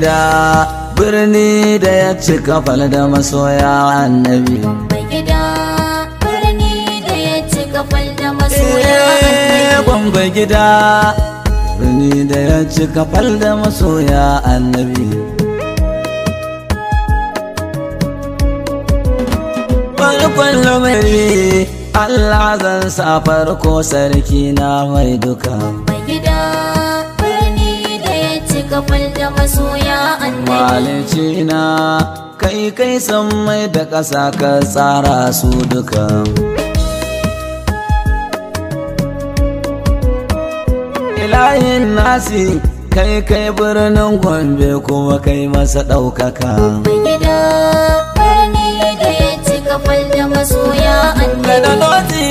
gida birni da ya ci kafal da masoya annabi Gwamba gida birni da ya ci kafal eh, da masoya annabi Farkon lamari Allah zan sa farko sarki na mai duka. gabal da masoya annabi na kai kai san mai da ƙasa ka tsara su duka ilahin nasi kai kai birnin gombe kuma kai masa ɗaukaka babban gida ya ci da masoya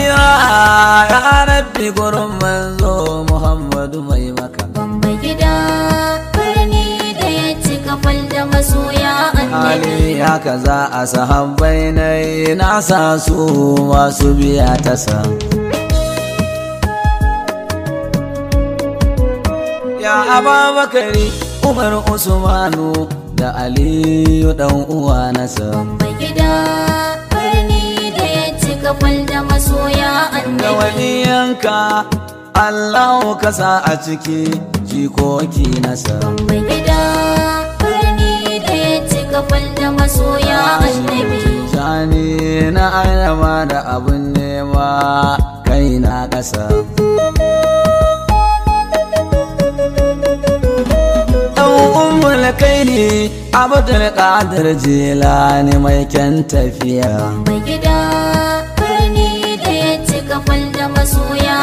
ya rabbi gurin manzo muhammadu mai maka gida birni da ya cika fal da masoya hali haka za a sahabbai na yi nasa su masu biya ta sa ya ababakari umar usmanu da aliyu dan uwa na sa gida birni da ya cika fal da masoya annabi da waliyanka Allah ka sa a ciki jikoki nasa mai gida birni da ya cika da masoya annabi shani na alama da abin nema kai na ƙasa kai ne abdul qadir ne mai kyan tafiya mai gida masoya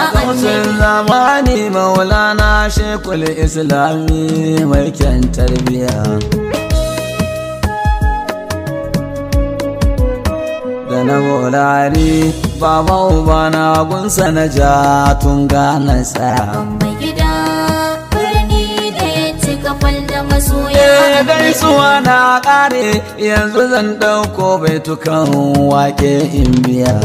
zamani maulana shekul islami mai kyan tarbiya da na wurare baba uba na gunsa na ja tun gana tsaya eh, gaisuwa na ƙare yanzu zan ɗauko baitukan wake in biya.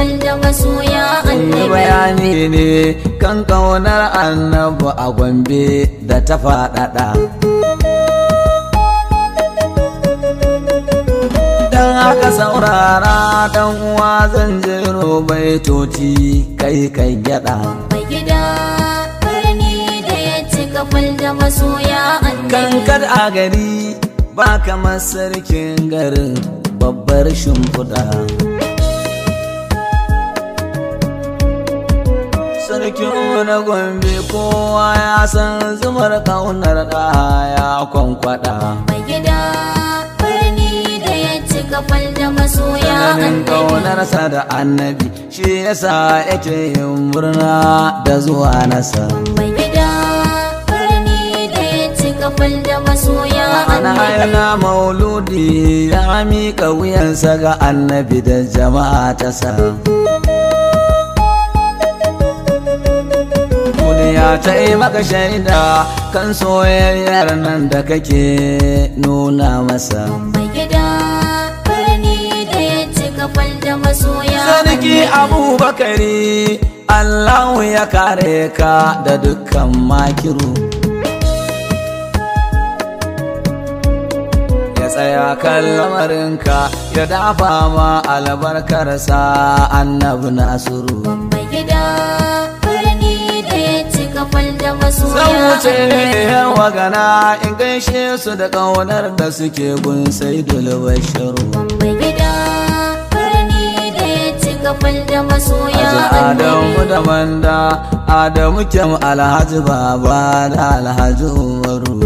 gwanda masoya annabi bayani ne kan kaunar annabi a gombe da ta faɗaɗa dan aka saurara dan uwa zan jiro baitoci kai kai gyada kankar a gari ba kamar sarkin garin babbar shimfiɗa sarkin na gombe kowa ya san zumar kaunar ya kwankwada mai gida birni da ya ci kafal da masoya kaunar sa da annabi shi yasa yake yin murna da zuwa nasa mai gida birni da ya ci kafal da masoya annabi ana mauludi ya mika wuyansa ga annabi da jama'a ta sa ya ta yi maka shaida kan soyayyar nan da kake nuna masa sarki abubakari allahu ya kare ka da dukkan makiru ya tsaya kan lamarinka ya dafa ma albarkarsa annabi nasiru zan wuce yawa gana in gaishe su da ƙaunar da suke gun sai dole Adamu da manda Adamu kyam alhaji baba da alhaji umaru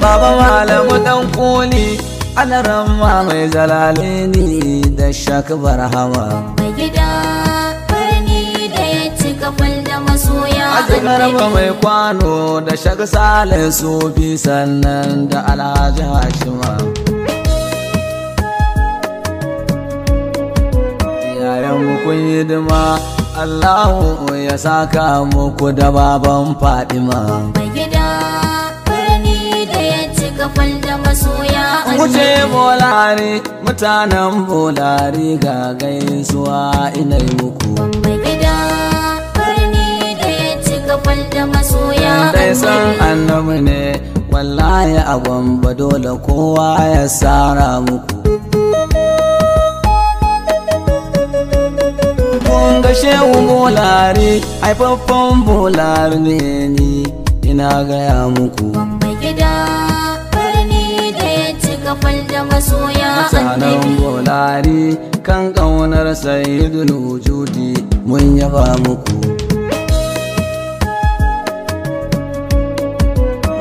Baba malamu dan koli alaran mai zalalini da shakbar hawa alhaji garba mai kwano da shag sale sufi sannan da alhaji hashima yayan kun yi dima allahu ya saka muku da baban fadima Wuce bolari mutanen bolari ga gaisuwa ina yi muku. Babban gida da masoya ya san annabi ne wallahi abun ba dole kowa ya sara muku Kun ga shehu bolari haifaffen bolari ne ni ina gaya muku Bamba gida birni da ya da masoya Sanan bolari kan ƙaunar sayyidul wujudi mun yaba muku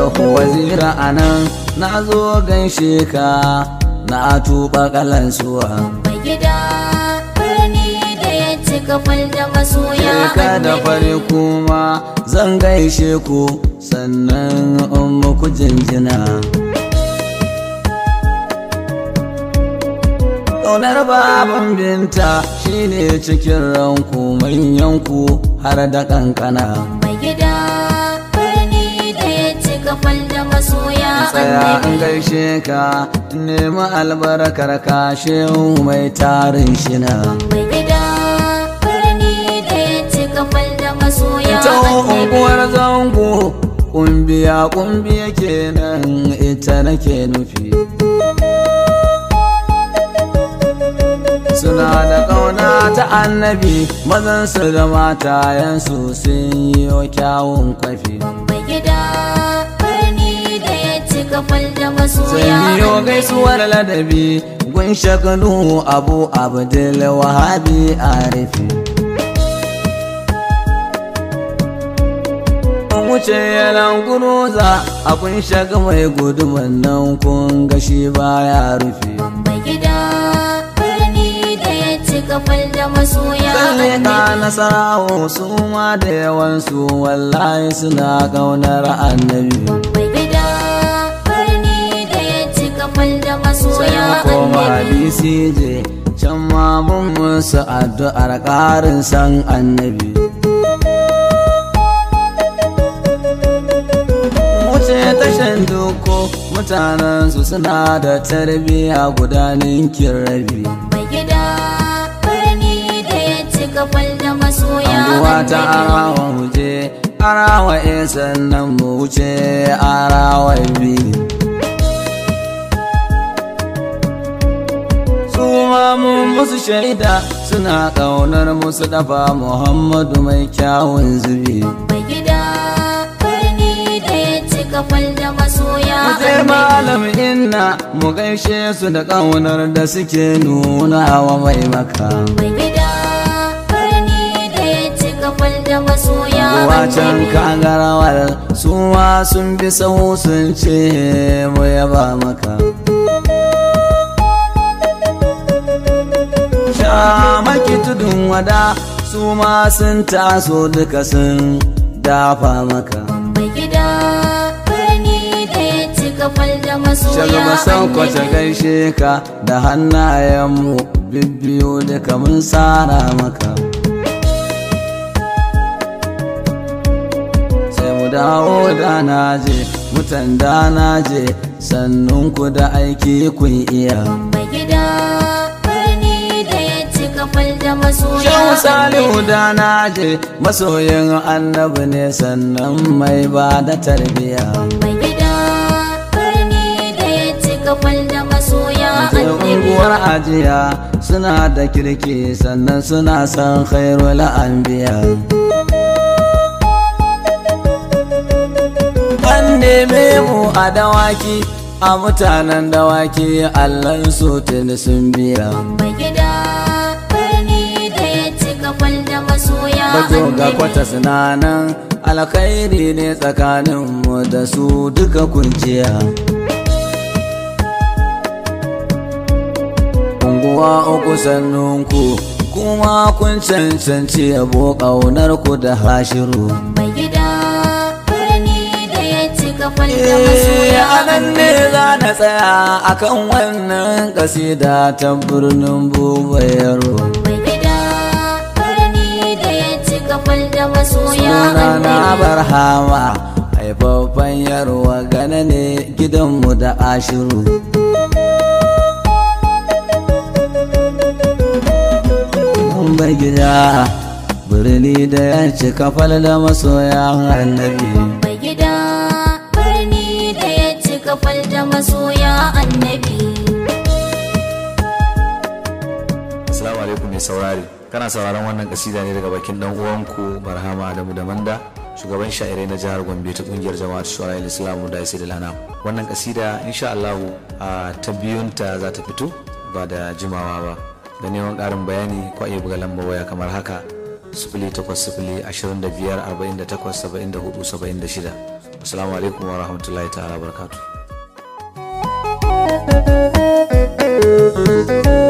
Shehu wazira a nan na zo gaishe ka na tuba kalansuwa. suwa. gida birni da ya cika da masoya. Ka da fari kuma zan gaishe ku sannan in muku jinjina. Ƙaunar baban binta shine cikin ranku manyanku har da ƙanƙana. kafal da masoya tsaya an gaishe ka nemi albarkar ka shehu mai tarin shina gida birni da ya ci kafal da masoya ta unguwar zango kumbiya kumbiya kenan ita nake nufi suna da ƙauna ta annabi mazansu da matayensu sun yi wa kyawun kwafi. Bamba gida shagwal da yau gaisuwar ladabi gun shagalu abu abdul wahabi arifi wuce ya guruza za abun shaga mai guduman nan kun gashi baya rufe kafal da masoya Kalle ka nasarawo su ma da yawansu wallahi suna kaunar annabi soya annabi can ma mun musu addu'ar ƙarin san annabi wuce tashan doko mutanen su suna da tarbiya guda ninkin rabi Anguwa ta arawa huje, arawa e sannan mu wuce arawa biyu. mun musu shaida suna ƙaunar musu dafa muhammadu mai kyawun zubi Mutai malam inna mu gaishe su da ƙaunar da suke nuna wa mai maka. Wacan kagarawar suwa sun bi sahu sun ce mu yaba maka. a maki tudun wada su ma sun taso duka sun dafa maka Shaga sauko ta gaishe ka da hannayenmu bibbiyu duka mun tsara maka Sai mu dawo da na je mutan da na je sannunku da aiki kun iya da masoya Shehu Salihu da na masoyin annabi ne sannan mai ba da tarbiya Bambai gida karni da ya cika kwal da masoya unguwar ajiya suna da kirki sannan suna san khairul anbiya An neme mu a dawaki a mutanen dawaki allan su tuni sun biya masoya bajo ga kwata sinanan alkhairi ne tsakaninmu da su duka kunciya. unguwa uku sannunku kuma kun cancanci yabo ƙaunarku da hashiru mai gida birni da ya cika falda masoya eh, anan ne za na tsaya akan wannan kasida ta birnin bubayar rana na barhama haifaffen yarwa gana ne gidanmu da ashiru bar gida birni da ya cika da masoya annabi sauraron wannan kasida ne daga bakin dan uwanku Barhama Adamu da Manda, shugaban sha'irai na jihar Gombe ta kungiyar jama'ar Shura Islamu da Isa Wannan kasida insha Allah ta biyunta za ta fito ba da jimawa ba. Da neman karin bayani ko iya buga lambar waya kamar haka sifili takwas Assalamu alaikum wa rahmatullahi ta'ala barakatuh.